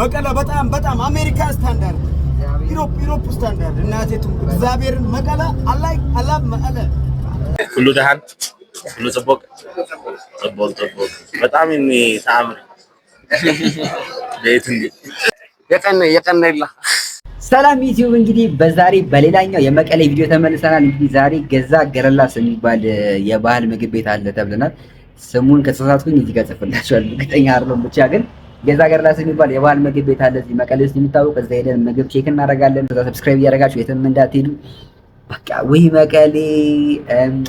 መቀለ በጣም በጣም አሜሪካ ስታንዳርድ፣ ኢሮፕ ኢሮፕ ስታንዳርድ። እናቴ እግዚአብሔርን መቀለ አላይ አላብ መቀለ ሁሉ ደሃን ሁሉ ጥቦቅ ጥቦቅ ጥቦቅ በጣም የሚታምር ቤት እንዴ የቀነ የቀነ ይላ ሰላም ዩቲዩብ እንግዲህ በዛሬ በሌላኛው የመቀለ ቪዲዮ ተመልሰናል። እንግዲህ ዛሬ ገዛ ገረላስ የሚባል የባህል ምግብ ቤት አለ ተብለናል። ስሙን ከተሳሳትኩኝ እዚህ ጋር ጽፍላችኋል፣ እርግጠኛ አይደለሁም ብቻ ግን ቤዛ ገርላስ የሚባል የባህል ምግብ ቤት አለ እዚህ መቀሌ ውስጥ የሚታወቅ። እዛ ሄደን ምግብ ቼክ እናደርጋለን። እዛ ሰብስክራይብ እያደረጋችሁ የትም እንዳትሄዱ። በቃ ወይ መቀሌ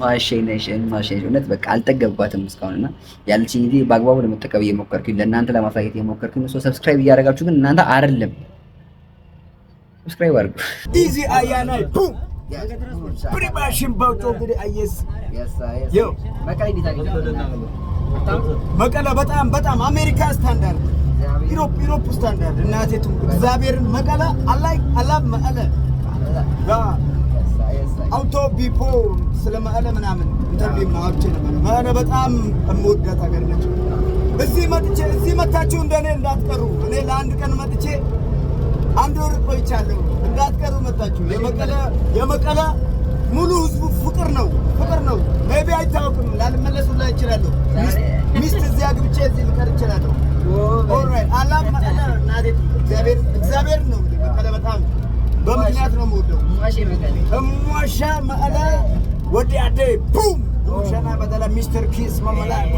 ማሸነሽ ማሸነሽ። እውነት በቃ አልጠገብኳትም እስካሁን እና ያለችኝ ጊዜ በአግባቡ ለመጠቀም እየሞከርኩኝ ለእናንተ ለማሳየት እየሞከርኩኝ። ሰው ሰብስክራይብ እያደረጋችሁ ግን እናንተ አይደለም ሰብስክራይብ አድርጉ። ኢዚ አያናይ ቡም ፕሪማሽን በውጮ እንግዲህ አየስ መቀሌ በጣም በጣም አሜሪካ ስታንዳርድ ኢሮፕ ኢሮፕ ስታንዳርድ እናቴ ትሙት እግዚአብሔርን መቀለ አላይ አላብ መቀለ አውቶ ቢፖ ስለ መቀለ ምናምን ኢንተርቪው ማወቅ ነበር። መቀለ በጣም የምወዳት ሀገር ነች። እዚህ መጥቼ እዚህ መታችሁ እንደኔ እንዳትቀሩ። እኔ ለአንድ ቀን መጥቼ አንድ ወር ቆይቻለሁ። እንዳትቀሩ መታችሁ የመቀለ የመቀለ ሙሉ ህዝቡ ፍቅር ነው፣ ፍቅር ነው። ሜቢ አይታወቅም። ላልመለሱ ላይ እችላለሁ። ሚስት እዚያ ግብቼ እዚህ ልቀር እችላለሁ። እግዚአብሔር ነው መቀለ በጣም በምክንያት ነው የምወደው። እሟሻ መቀለ ወዲ አደ ቡም ሙሻና በተለ ሚስተር ኪስ መመላኩ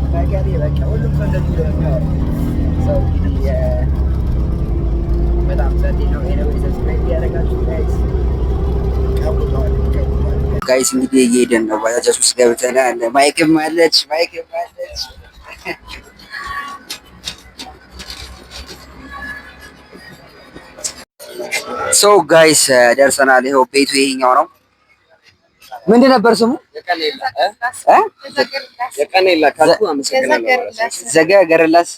በቃ ሁሉም ሰው እንደዚህ ነው ሰው እንግዲህ ጋይስ እንግዲህ እየሄደን ነው። ባጃጅ ውስጥ ገብተናል። ማይክም አለች ማይክም አለች። ሰው ጋይስ ደርሰናል። ይኸው ቤቱ ይሄኛው ነው። ምንድን ነበር ስሙ? ዘገ ገርላስ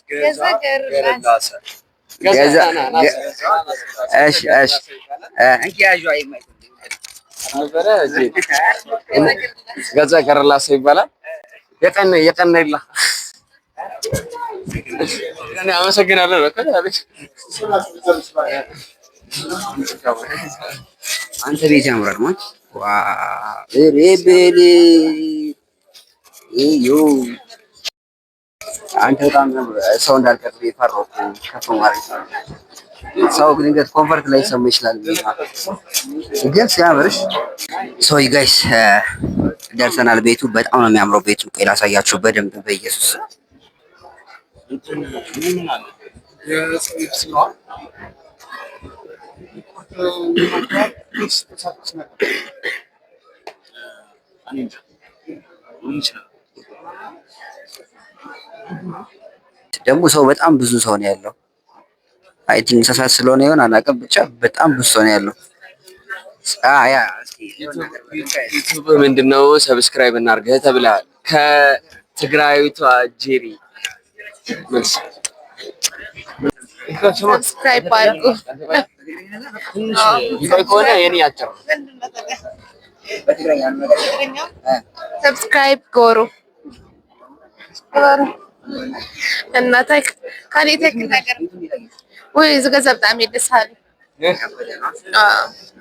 ገዛ ከረላሰ ይባላል። የቀነ የቀነ ይላ አመሰግናለሁ። አንተ ቤት ያምራል ማለት ሬቤሌ አንተ በጣም ሰው እንዳልቀር የፈራው ከፍ ማለት ነው። ሰው ድንገት ኮንፈርት ላይ ሰማ ይችላል፣ ግን ሲያምርሽ ሰው ጋይስ ደርሰናል። ቤቱ በጣም ነው የሚያምረው። ቤቱ ቆይ ላሳያችሁ በደንብ በኢየሱስ ምን ደግሞ ሰው በጣም ብዙ ሰው ነው ያለው። አይ ቲንክ ሰዓት ስለሆነ ይሆን አላውቅም፣ ብቻ በጣም ብዙ ሰው ነው ያለው። አያ ዩቲዩብ ምንድነው ሰብስክራይብ እናድርግህ ተብለሃል ከትግራዊቷ ጄሪ መልስ ሰብስክራይብ አድርጉ ከሆነ የኔ ያቸው ሰብስክራይብ ጎሩ እና ካኔ ታክ ነገር ወይ ዝገዛ በጣም ይደሳል።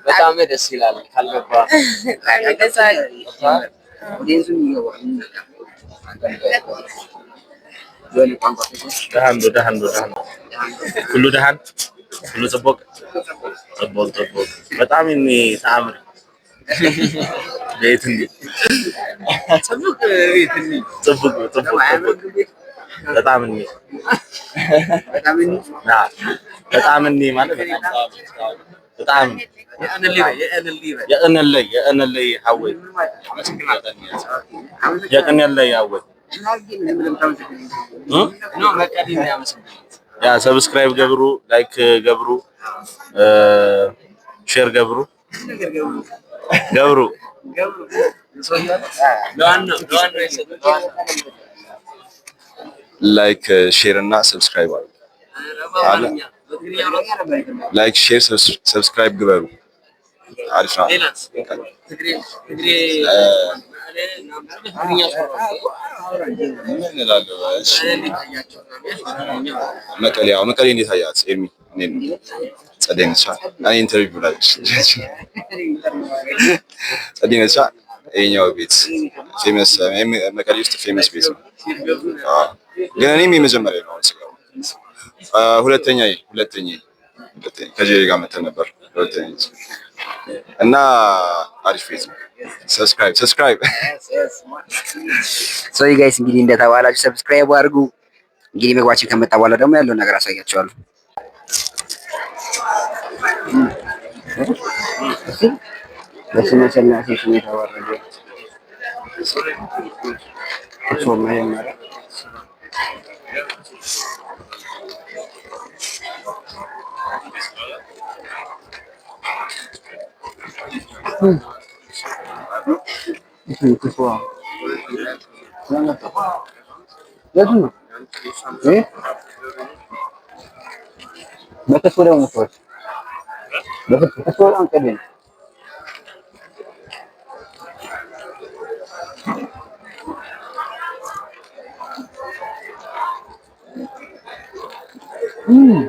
በጣም ደስ ይላል። ካልገባ ሁሉ ደሃን ሁሉ ጥቦቅ ጥቦቅ ጥቦቅ በጣም የሚጣምር ቤት እንዴ ጥቡቅ ጥቡቅ ጥቡቅ በጣም እኔ በጣም እኔ በጣም እኔ ማለት በጣም የእንለይ የእንለይ ሀወይ የቅንለይ ሀወይ ያ ሰብስክራይብ ገብሩ፣ ላይክ ገብሩ፣ ሼር ገብሩ ገብሩ ላይክ ሼር እና ሰብስክራይብ አሉ። ላይክ ሼር ሰብስክራይብ ግበሩ። አሪፍ ነው። መቀሌ መቀሌ እንዴት አያት ኤርሚ? ጸደይ ነች። እኔ ኢንተርቪው ብላለች። ጸደይ ቤት ፌመስ መቀሌ ውስጥ ፌመስ ቤት ነው። ግን እኔም የመጀመሪያ ነው ስገባ። ሁለተኛ ሁለተኛ ከጄሪ ጋር መተን ነበር ሁለተኛ እና አሪፍ ቤት ነው። ሰብስክራይብ ሰብስክራይብ ሶ ዩ ጋይስ እንግዲህ እንደተባላችሁ ሰብስክራይብ አድርጉ። እንግዲህ ምግባችን ከመጣ በኋላ ደግሞ ያለውን ነገር አሳያችኋለሁ። በስመ አብ ወወልድ ወመንፈስ መጀመሪያ うん。行く行何だった大丈夫え Baca kurang mo first. Baca, baca kurang ka din. Hmm.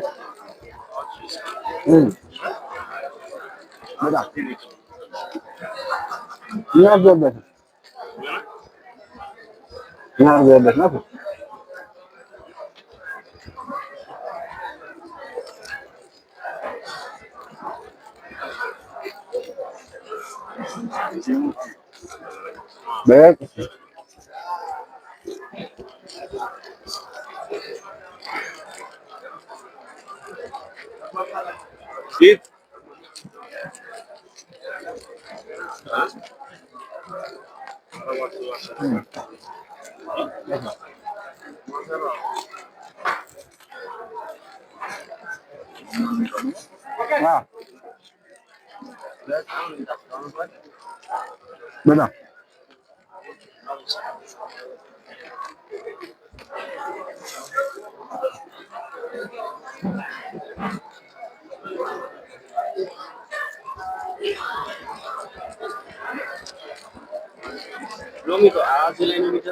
Hmm. Madam. Bunlar dördek. Bunlar dördek nasıl? Bek. বেদা রঙিত আজ লাইনে নিতে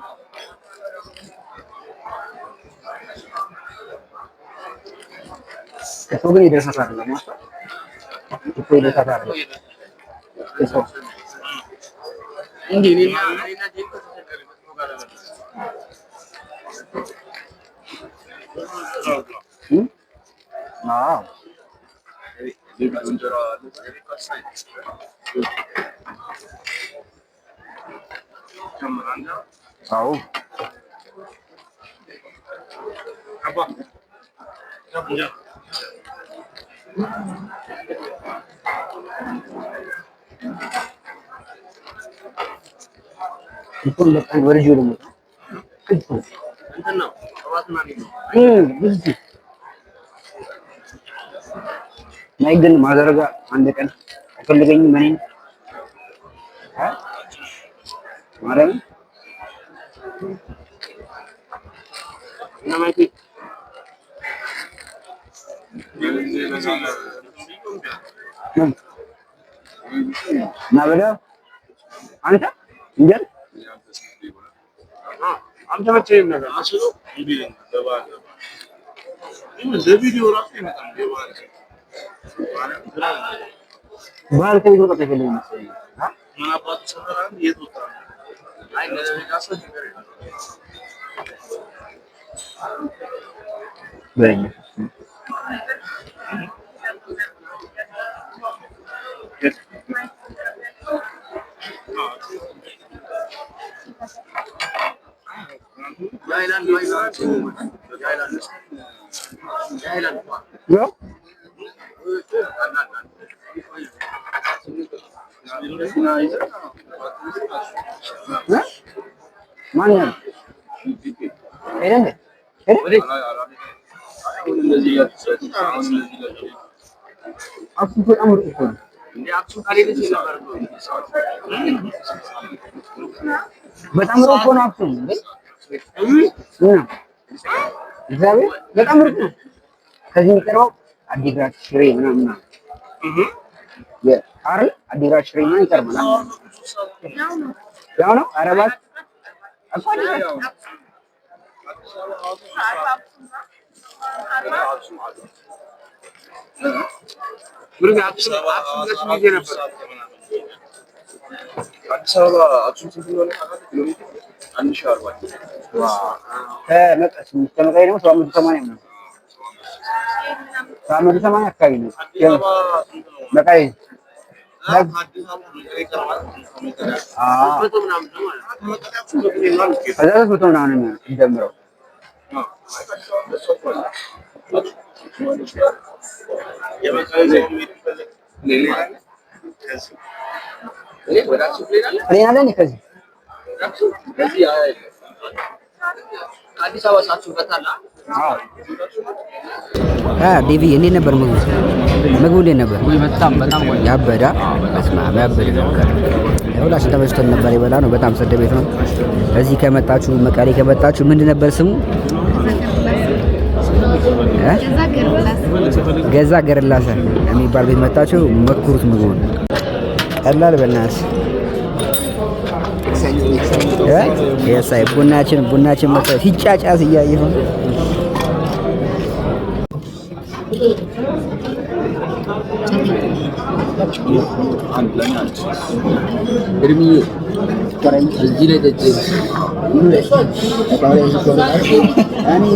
itu voy a ir a sacarlo, ¿no? Eso voy a ir a sacarlo. Apa? Siapa? ఇప్పుడు వరి చూడము నైగ్గండి మా దగ్గరగా అందుకని ఎక్కడ దగ్గర మనీ మరీ నమ్మ না বেটা আনছা নিজের आमच्याकडे चेंज नका असं दबा जमिनीवर असते ना बाहेर कधी होता ते केलं मला पाच येत होता नाही असं Good. Yaylan, yaylan. Yaylan. Yaylan. Yeah. Mana? Erin de. Erin? እንደዚህ አክሱም በጣም ሩቅ እኮ ነው። በጣም ሩቅ ነው አክሱም። እግዚአብሔር በጣም ሩቅ ነው። ከዚህ የሚቀርበው አዲግራት ሽሬ ምናምን አይደል? አዲግራት ሽሬ ምናምን ይቀርባል። ያው ነው አረባት እኮ अच्छा होगा अच्छी चीज वाले किलोमीटर अन्य और बाकी है मैं मुझको कह रही हूं स्वामी सामान है स्वामी सामान है कहीं नहीं मैं कहीं हजार रुपये तो नाम है जब मेरा ፕሌን አለን ከዚህ ዴቪ እንዴት ነበር ምግቡ? ምግቡ እንዴት ነበር? በጣም በጣም ያበደ ነበር። ሁላችን ተመችቶን ነበር። የበላ ነው። በጣም ሰደ ቤት ነው። እዚህ ከመጣችሁ መቀሌ ከመጣችሁ ምንድን ነበር ስሙ ገዛ ገርላሰ የሚባል ቤት መጣችሁ መኩሩት ምግቡ ቀላል በናስ የሳይ ቡናችን ቡናችን መጣ ሲጫጫስ እያየሁ Hangilerini açacağız? Benim iyi. Acil edeceğiz. Yani...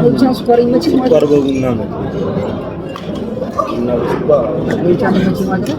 కొంచెం స్కోరింగ్ వచ్చి త్వరగా ఉన్నాను కొంచెం వచ్చి మాత్రం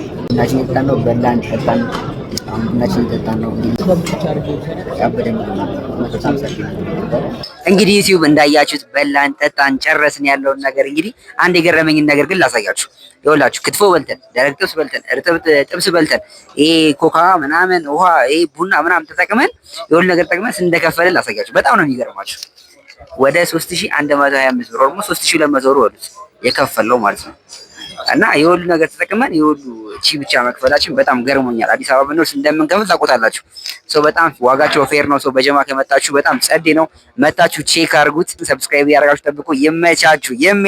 ቡናችን የጠጣን ነው፣ በላን፣ ጠጣን። ቡናችን የጠጣን ነው። እንግዲህ ዩቲዩብ እንዳያችሁት በላን፣ ጠጣን፣ ጨረስን ያለውን ነገር እንግዲህ አንድ የገረመኝን ነገር ግን ላሳያችሁ። ይኸውላችሁ ክትፎ በልተን፣ ደረቅ ጥብስ በልተን፣ እርጥብ ጥብስ በልተን፣ ይሄ ኮካ ምናምን ውሃ፣ ይሄ ቡና ምናምን ተጠቅመን የሁሉ ነገር ጠቅመን ስንደከፈልን ላሳያችሁ። በጣም ነው የሚገርማችሁ ወደ 3125 ብር ኦልሞስት 3200 ብር የከፈለው ማለት ነው። እና የወሉ ነገር ተጠቅመን የወሉ ቺ ብቻ መክፈላችን በጣም ገርሞኛል። አዲስ አበባ ብንኖር እንደምንከፍል ታውቆታላችሁ። ሰው በጣም ዋጋቸው ፌር ነው። ሰው በጀማ ከመጣችሁ በጣም ጸዴ ነው። መታችሁ ቼክ አድርጉት። ሰብስክራይብ ያደርጋችሁ ጠብቁ። ይመቻችሁ የሜ